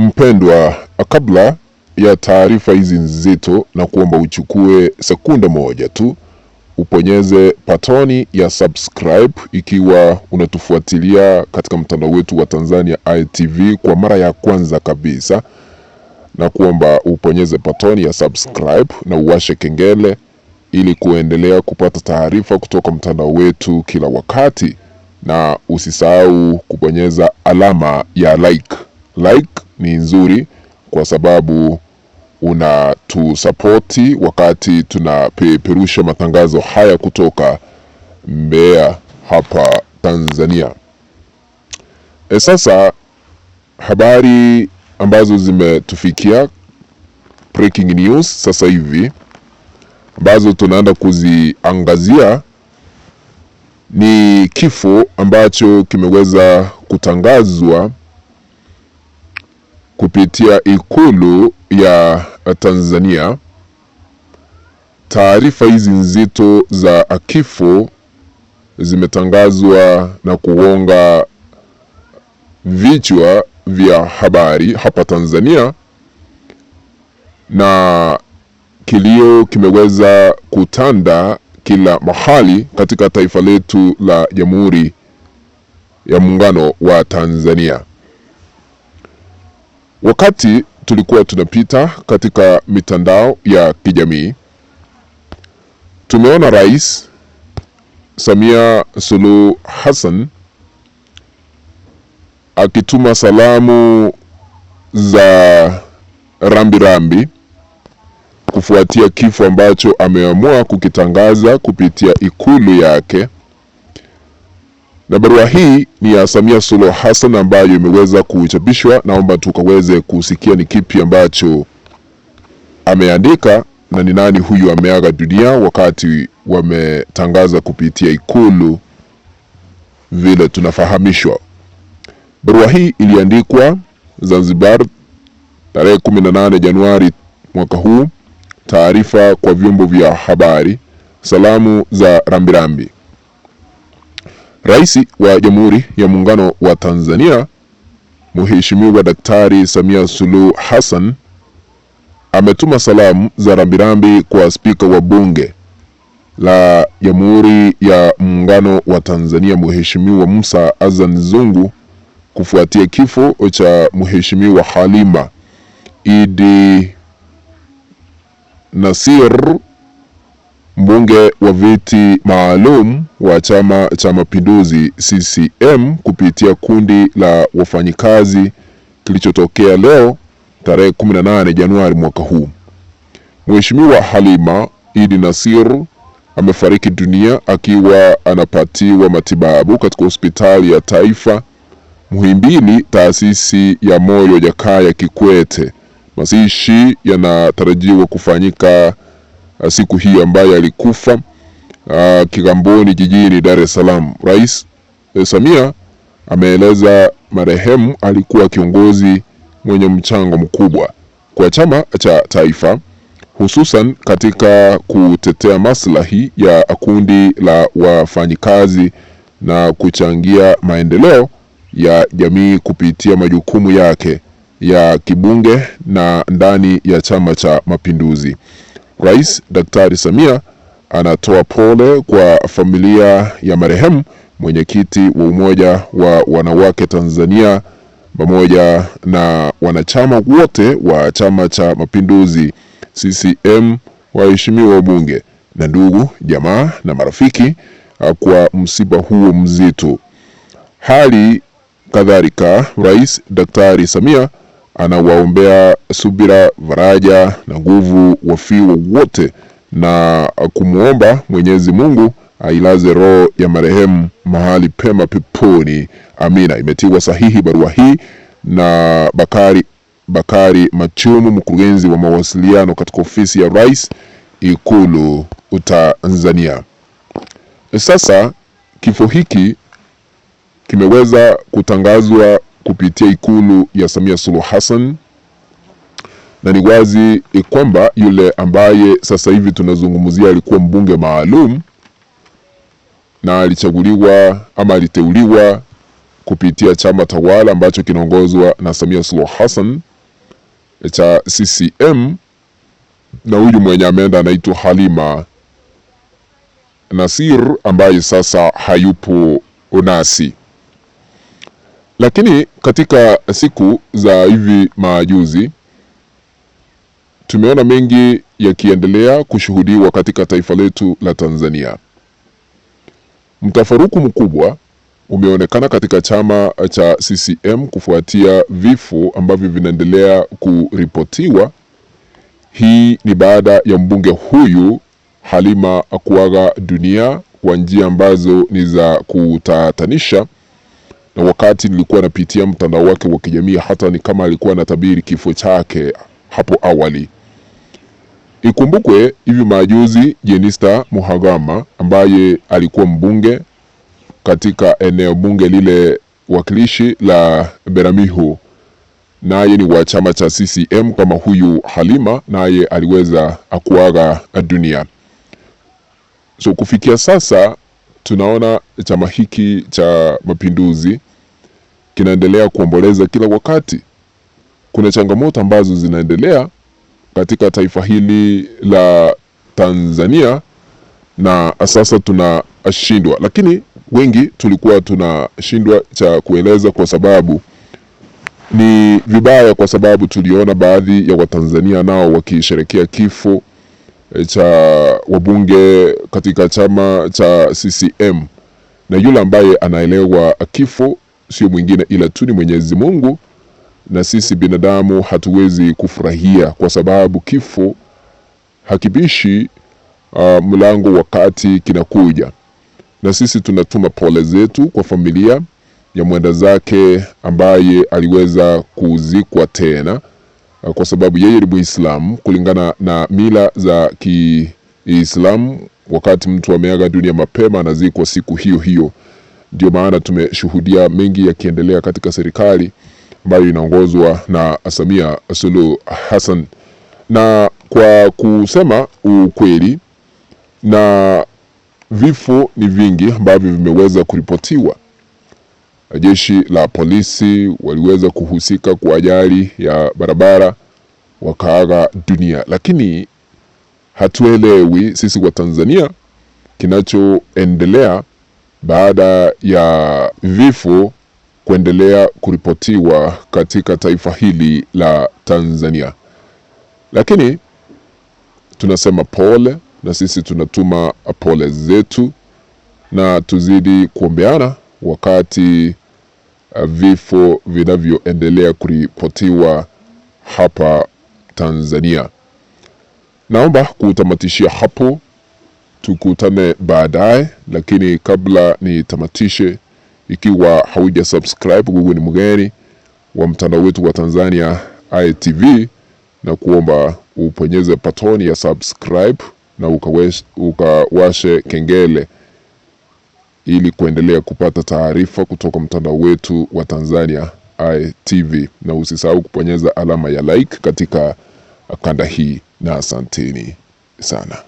Mpendwa, kabla ya taarifa hizi nzito, na kuomba uchukue sekunde moja tu uponyeze patoni ya subscribe ikiwa unatufuatilia katika mtandao wetu wa Tanzania itv kwa mara ya kwanza kabisa, na kuomba uponyeze patoni ya subscribe na uwashe kengele ili kuendelea kupata taarifa kutoka mtandao wetu kila wakati, na usisahau kubonyeza alama ya like. Like ni nzuri kwa sababu unatusapoti wakati tunapeperusha matangazo haya kutoka Mbeya hapa Tanzania. E, sasa habari ambazo zimetufikia breaking news sasa hivi ambazo tunaenda kuziangazia ni kifo ambacho kimeweza kutangazwa kupitia Ikulu ya Tanzania. Taarifa hizi nzito za kifo zimetangazwa na kuonga vichwa vya habari hapa Tanzania na kilio kimeweza kutanda kila mahali katika taifa letu la Jamhuri ya Muungano wa Tanzania. Wakati tulikuwa tunapita katika mitandao ya kijamii, tumeona Rais Samia Suluhu Hassan akituma salamu za rambirambi rambi, kufuatia kifo ambacho ameamua kukitangaza kupitia ikulu yake na barua hii ni ya Samia Suluhu Hassan ambayo imeweza kuchapishwa. Naomba tukaweze kusikia ni kipi ambacho ameandika na ni nani huyu ameaga dunia wakati wametangaza kupitia Ikulu vile tunafahamishwa. Barua hii iliandikwa Zanzibar tarehe 18 Januari mwaka huu. Taarifa kwa vyombo vya habari, salamu za rambirambi rambi. Rais wa Jamhuri ya Muungano wa Tanzania Mheshimiwa Daktari Samia Suluhu Hassan ametuma salamu za rambirambi kwa Spika wa Bunge la Jamhuri ya Muungano wa Tanzania Mheshimiwa Musa Azan Zungu kufuatia kifo cha Mheshimiwa Halima Idi Nasir Mbunge wa viti maalum wa Chama cha Mapinduzi CCM kupitia kundi la wafanyikazi kilichotokea leo tarehe 18 Januari mwaka huu. Mheshimiwa Halima Idi Nasir amefariki dunia akiwa anapatiwa matibabu katika hospitali ya Taifa Muhimbili, taasisi ya moyo Jakaya Kikwete. Mazishi yanatarajiwa kufanyika Ah, siku hii ambaye alikufa uh, Kigamboni jijini Dar es Salaam. Rais eh, Samia ameeleza marehemu alikuwa kiongozi mwenye mchango mkubwa kwa chama cha taifa hususan katika kutetea maslahi ya kundi la wafanyikazi na kuchangia maendeleo ya jamii kupitia majukumu yake ya kibunge na ndani ya Chama cha Mapinduzi. Rais Daktari Samia anatoa pole kwa familia ya marehemu mwenyekiti wa Umoja wa Wanawake Tanzania pamoja na wanachama wote wa Chama cha Mapinduzi CCM, waheshimiwa wabunge na ndugu jamaa na marafiki kwa msiba huo mzito. Hali kadhalika Rais Daktari Samia anawaombea subira, faraja na nguvu wafiwa wote na kumwomba Mwenyezi Mungu ailaze roho ya marehemu mahali pema peponi. Amina. Imetiwa sahihi barua hii na Bakari Bakari Machumu, mkurugenzi wa mawasiliano katika ofisi ya Rais, Ikulu Tanzania. Sasa kifo hiki kimeweza kutangazwa kupitia Ikulu ya Samia Suluhu Hassan, na ni wazi kwamba yule ambaye sasa hivi tunazungumzia alikuwa mbunge maalum na alichaguliwa ama aliteuliwa kupitia chama tawala ambacho kinaongozwa na Samia Suluhu Hassan cha CCM, na huyu mwenye ameenda anaitwa Halima Nasir ambaye sasa hayupo unasi lakini katika siku za hivi majuzi tumeona mengi yakiendelea kushuhudiwa katika taifa letu la Tanzania. Mtafaruku mkubwa umeonekana katika chama cha CCM kufuatia vifo ambavyo vinaendelea kuripotiwa. Hii ni baada ya mbunge huyu Halima kuaga dunia kwa njia ambazo ni za kutatanisha na wakati nilikuwa napitia mtandao wake wa kijamii, hata ni kama alikuwa anatabiri kifo chake hapo awali. Ikumbukwe hivi majuzi Jenista Muhagama ambaye alikuwa mbunge katika eneo bunge lile wakilishi la Beramihu, naye ni wa chama cha CCM kama huyu Halima, naye aliweza akuaga dunia. So kufikia sasa tunaona chama hiki cha mapinduzi kinaendelea kuomboleza kila wakati. Kuna changamoto ambazo zinaendelea katika taifa hili la Tanzania na sasa tunashindwa, lakini wengi tulikuwa tunashindwa cha kueleza kwa sababu ni vibaya, kwa sababu tuliona baadhi ya Watanzania nao wakisherekea kifo cha wabunge katika chama cha CCM na yule ambaye anaelewa kifo sio mwingine ila tu ni Mwenyezi Mungu, na sisi binadamu hatuwezi kufurahia kwa sababu kifo hakibishi uh, ah, mlango wakati kinakuja, na sisi tunatuma pole zetu kwa familia ya mwenda zake ambaye aliweza kuzikwa tena. Eh, kwa sababu yeye ni Muislamu kulingana na mila za Kiislamu. Wakati mtu ameaga dunia mapema, anazikwa siku hiyo hiyo. Ndio maana tumeshuhudia mengi yakiendelea katika serikali ambayo inaongozwa na Samia Suluhu Hassan, na kwa kusema ukweli, na vifo ni vingi ambavyo vimeweza kuripotiwa jeshi la polisi waliweza kuhusika kwa ajali ya barabara wakaaga dunia, lakini hatuelewi sisi wa Tanzania kinachoendelea baada ya vifo kuendelea kuripotiwa katika taifa hili la Tanzania. Lakini tunasema pole, na sisi tunatuma pole zetu na tuzidi kuombeana wakati Uh, vifo vinavyoendelea kuripotiwa hapa Tanzania. Naomba kutamatishia hapo, tukutane baadaye, lakini kabla nitamatishe, ikiwa hauja subscribe Google ni mgeni wa mtandao wetu wa Tanzania ITV na kuomba uponyeze patoni ya subscribe na ukawashe kengele ili kuendelea kupata taarifa kutoka mtandao wetu wa Tanzania Eye TV, na usisahau kuponyeza alama ya like katika kanda hii, na asanteni sana.